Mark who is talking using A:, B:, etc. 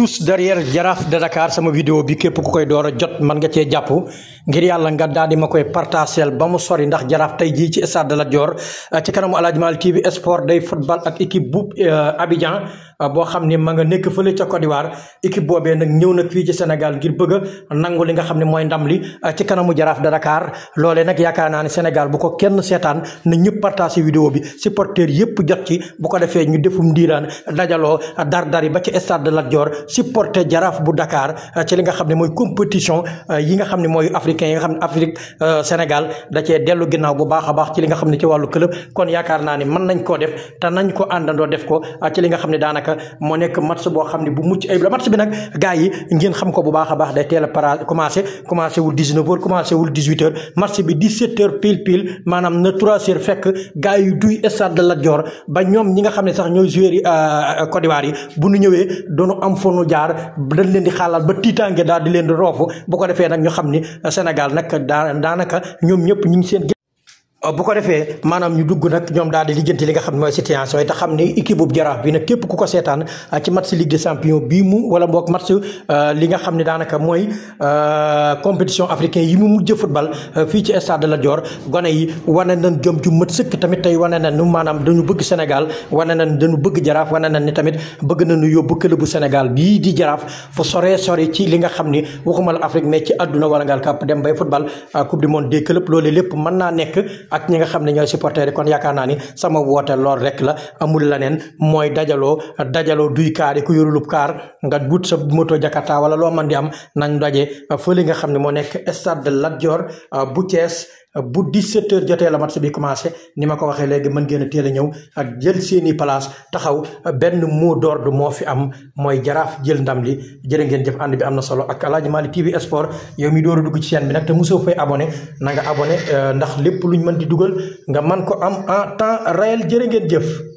A: tous derrière Jaraaf de Dakar sama vidéo bi képp ku koy door a jot man nga cee jàpp ngir yàlla nga daal di ma koy partageel ba mu sori ndax Jaraaf tey jii ci stade Lat Dior euh, ci kanamu Aladji Malick TV sport day football ak équipe bu euh, Abidjan euh, boo xam ne ma nga nekk fële ca Côte d'Ivoire équipe boobee nag ñëw nag fii ci Sénégal ngir bëgg a li nga xam ne mooy ndam li ci kanamu Jaraaf de Dakar loolee nag yaakaar naa ne Sénégal bu ko kenn seetaan na ñëpp partagé vidéo bi supporters yëpp jot ci ko defee ñu defum ndiiraan dajaloo dar ba ci stade supporter jaraaf bu Dakar euh, ci li nga xam ne mooy compétition euh, yi nga xam ne mooy africain yi nga xam ne Afrique euh, Sénégal da cee dellu ginnaaw bu baax a baax ci li nga xam ne ci wàllu club kon yaakaar naa ne mën nañ koo def te nañ ko àndandoo def ko ci li nga xam ne daanaka moo nekk match boo xam ne bu mucc ayib bi nag gars yi ngeen xam ko bu baax baax day teel a para commencé commencé wul 19 heures commencé wul 18 heures match bi 17 heures pile pile maanaam na 3 fekk gars yi duy stade de Lat Dior ba ñoom ñi nga xam ne sax ñooy joueurs yi Côte yi bu nu ñëwee doonu am fonu nu jaar dañ leen di xalaat ba tiitaange daal di leen di roofu bu ko defee nag ñu xam ni Sénégal nag daa daanaka ñoom ñëpp ñu ngi seen Euh, bu ko defee maanaam ñu dugg nag ñoom daal di lijjanti li nga xam ne mooy situation yi te xam ne équipe bu jaraaf bi nag képp ku ko seetaan euh, ci match Ligue des Champions bii mu wala boog match euh, li nga xam ne daanaka mooy compétition africain yi mu mujj football fii ci stade Lat gone yi wane nañ jom ju mët sëkk tamit tey wane nañ maanaam dañu bëgg Sénégal wane nañ dañu bëgg jaraaf wane nañ ni tamit bëgg na nañu yóbbu club bu Sénégal bii di jaraaf fu sore sore ci li nga xam ni waxuma la Afrique mais ci àdduna wala ngal kàpp dem bay football coupe du monde des clubs loolu lépp mën naa nekk ak ñi nga xam ne ñooy supporters yi kon yaakaar naa sama woote lool rek la amul leneen mooy dajaloo dajaloo duy kaar ku ku yorulub kaar nga gut sa moto jakarta wala loo man di am nañ daje fële nga xam ne moo nekk stade de Lat Dior euh, bu Thiès bu 17 heures jotee la match bi commencé ni ma ko waxee léegi mën ngeen a a ñëw ak jël seeni place taxaw benn door d'ordre moo fi am mooy jaraaf jël ndam li jërë ngeen jëf ànd bi am na solo ak Aladji Malick TV Sport yow mi door a dugg ci seen bi nag te musoo fay abonné na nga euh, ndax lépp luñ mën di dugal nga man ko am en temps réel jërë ngeen jëf